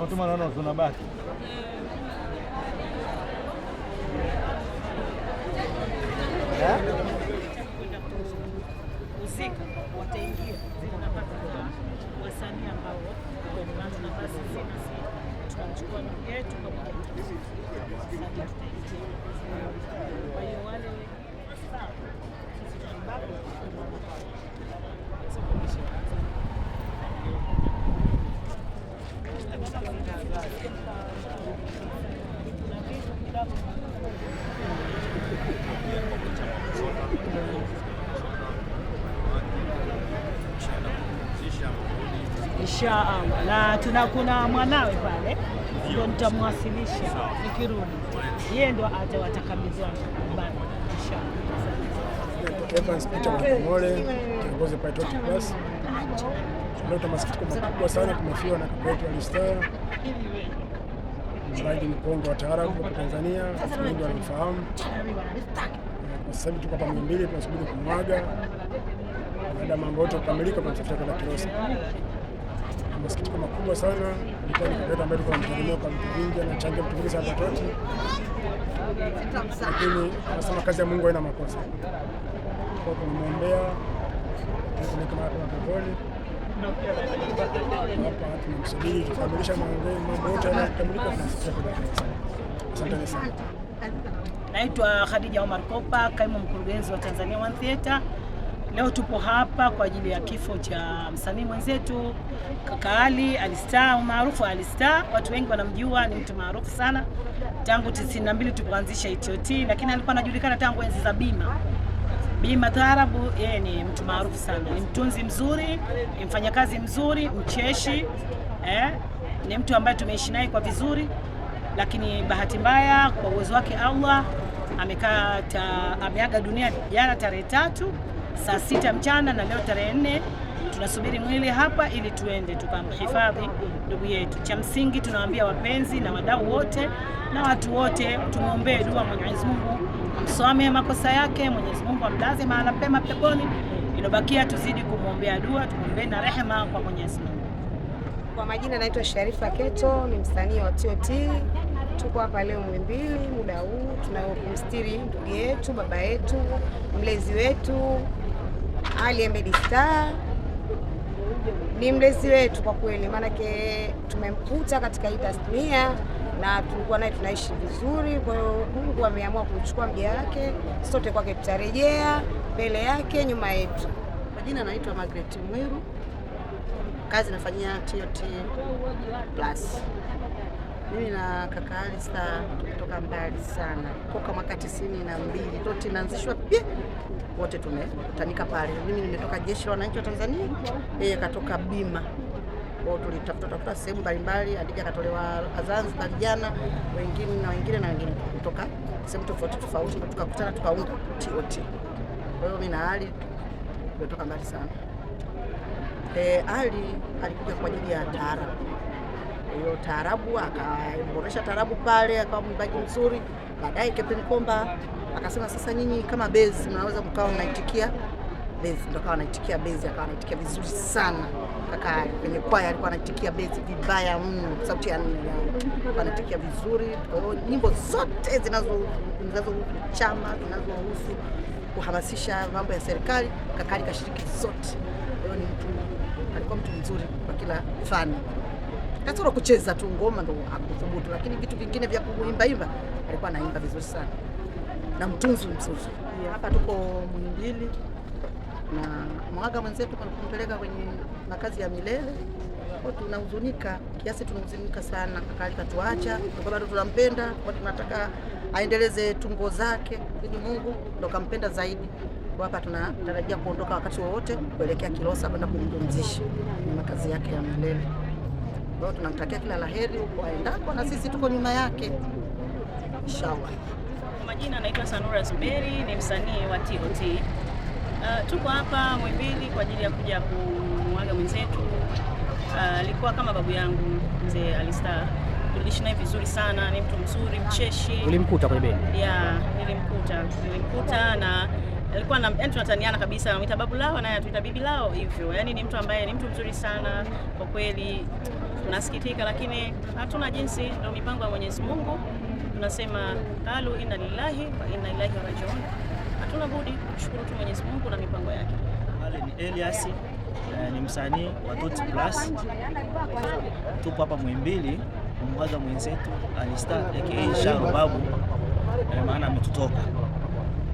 Fatu mananonso unabaki kuzika wataingia tunapata wasanii ambao kwenye nafasi zina si tunamchukua ndugu yetu pamoja na kwa hiyo wale ambapo insha Allah, um, na tuna kuna mwanawe pale ndio nitamwasilisha nikirudi, yeye ndo atawatakabidhiwa bana insha Allah. Evans Peter kiongozi Plus. masikitiko makubwa sana, tumefiwa na kaka yetu Alistar mraji mkongwe wa taarabu hapa Tanzania, wengi wanamfahamu. Sasa hivi tuko hapa Muhimbili, tunasubiri kumwaga baada ya mambo yote kukamilika, tunatafuta kwenda Kilosa masikitiko makubwa sana. Ilikuwa ni kibeta ambayo tulikuwa tunategemea kwa mtu mwingi, anachangia mtu mwingi sana watoto, lakini anasema kazi ya Mungu haina makosa. Kwa kumwombea pole hapa, tunamsubiri tukamilisha mambo yote yanayokamilika. Asanteni sana. Naitwa Khadija Omar Kopa, kaimu mkurugenzi wa Tanzania One Theatre. Leo tupo hapa kwa ajili ya kifo cha msanii mwenzetu kaka Ali Alistar, maarufu Alistar. Watu wengi wanamjua, ni mtu maarufu sana tangu 92 tulipoanzisha ITOT, e lakini alikuwa anajulikana tangu enzi za Bima Bima Taarabu. Yeye ni mtu maarufu sana, ni mtunzi mzuri, ni mfanyakazi mzuri, mcheshi eh, ni mtu ambaye tumeishi naye kwa vizuri, lakini bahati mbaya kwa uwezo wake Allah amekaa ameaga dunia jana tarehe tatu saa sita mchana na leo tarehe nne tunasubiri mwili hapa ili tuende tukamhifadhi ndugu yetu. Cha msingi tunawaambia wapenzi na wadau wote na watu wote, tumwombee dua Mwenyezi Mungu amsame makosa yake, Mwenyezi Mungu amlaze mahala pema peponi. inobakia tuzidi kumwombea dua, tumwombee na rehema kwa Mwenyezi Mungu. Kwa majina naitwa Sharifa Keto, ni msanii wa TOT. Tuko hapa leo Muhimbili, muda huu kumstiri ndugu yetu, baba yetu, mlezi wetu ali Ahmed Star ni mlezi wetu kwa kweli, maanake tumemkuta katika hii tasnia na tulikuwa naye tunaishi vizuri. Kwa hiyo Mungu ameamua kuchukua mja wake, sote kwake tutarejea, mbele yake, nyuma yetu. Kwa jina naitwa Margaret Mwiru, kazi nafanyia TOT Plus. Mimi na kaka Alista kutoka mbali sana, kutoka mwaka tisini na mbili toti naanzishwa pia, wote tumekutanika pale. Mimi nimetoka jeshi la wananchi wa Tanzania, yeye katoka bima kwao, tulitafuta tafuta sehemu mbalimbali. Adija katolewa Zanzibar vijana wengine na wengine na wengine kutoka sehemu tofauti tofauti, tukakutana tukaunda TOT. Kwa hiyo mimi na Ali tumetoka mbali sana. E, Ali alikuja kwa ajili ya taarabu hiyo taarabu, akaboresha taarabu pale, akawa mwimbaji mzuri. Baadaye Captain Komba akasema sasa nyinyi kama bezi mnaweza mkawa mnaitikia bezi, ndo akawa anaitikia bezi, akawa anaitikia vizuri sana. Kaka kwenye kwaya alikuwa anaitikia bezi vibaya mno, sauti ya nne anaitikia vizuri. Kwa hiyo nyimbo zote zinazohusu chama, zinazohusu kuhamasisha mambo ya serikali, kaka alikashiriki zote. Kwa hiyo ni mtu, alikuwa mtu mzuri kwa kila fani kasoro kucheza tu ngoma ndo akuthubutu, lakini vitu vingine vya kuimba kuimbaimba alikuwa anaimba vizuri sana na mtunzi mzuri. Yeah, Hapa tuko Muhimbili na mwaga mwenzetu kumpeleka kwenye makazi ya milele kwa tunahuzunika kiasi, tunahuzunika sana. Kaka katuacha, kwa bado tunampenda, kwa tunataka aendeleze tungo zake, ili Mungu ndo kampenda zaidi. Kwa hapa tunatarajia kuondoka wakati wowote kuelekea Kilosa kwenda kumpumzisha makazi yake ya milele. Kwa hiyo tunamtakia kila laheri huko aendako, na sisi tuko nyuma yake inshallah. Kwa majina anaitwa Sanura Zuberi, ni msanii wa TOT. Uh, tuko hapa Muhimbili kwa ajili ya kuja kumwaga mwenzetu. Uh, alikuwa uh, kama babu yangu mzee Alista, tuliishi naye vizuri sana, ni mtu mzuri, mcheshi. Ulimkuta kwenye bendi? Yeah, nilimkuta nilimkuta na alikuwa na yani, tunataniana kabisa, anamuita babu lao naye atuita bibi lao hivyo. Yani ni mtu ambaye ni mtu mzuri sana kwa kweli tunasikitika, lakini hatuna jinsi, ndio mipango ya Mwenyezi Mungu. Tunasema alu inna lillahi wa inna ilaihi rajiun, hatuna budi kushukuru tu Mwenyezi Mungu na mipango yake. Wale ni Elias eh, ni msanii wa Tuts Plus, tupo hapa Muhimbili kumwaza mwenzetu Alistar aka Shababu, eh, maana ametutoka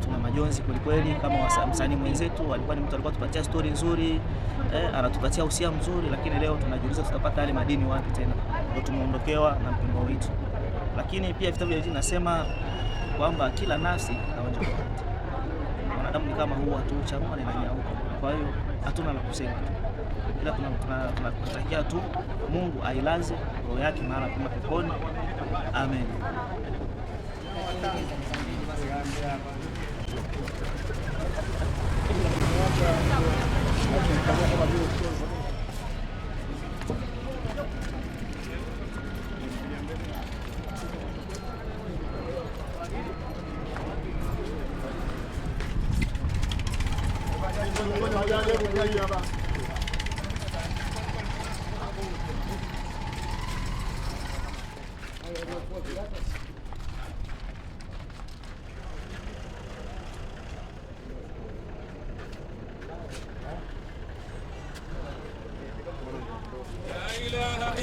tuna majonzi kweli kweli, kama msanii mwenzetu alikuwa ni mtu alikuwa tupatia story nzuri eh, anatupatia usia mzuri, lakini leo tunajiuliza tutapata yale madini wapi tena? Ndio tumeondokewa na mpendwa wetu. Lakini pia vitabu vya dini nasema kwamba kila nafsi inaonja Wanadamu ni kama huwa tu chama na nyauka, kwa hiyo hatuna la kusema ila tunatakia tu Mungu ailaze roho yake mara kama peponi. Amen. Gracias.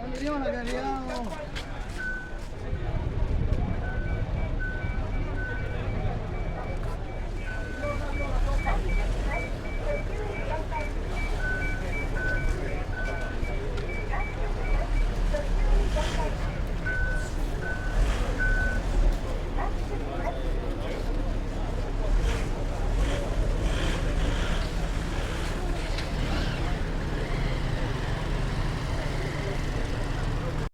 Non Cameriamo, cameriamo!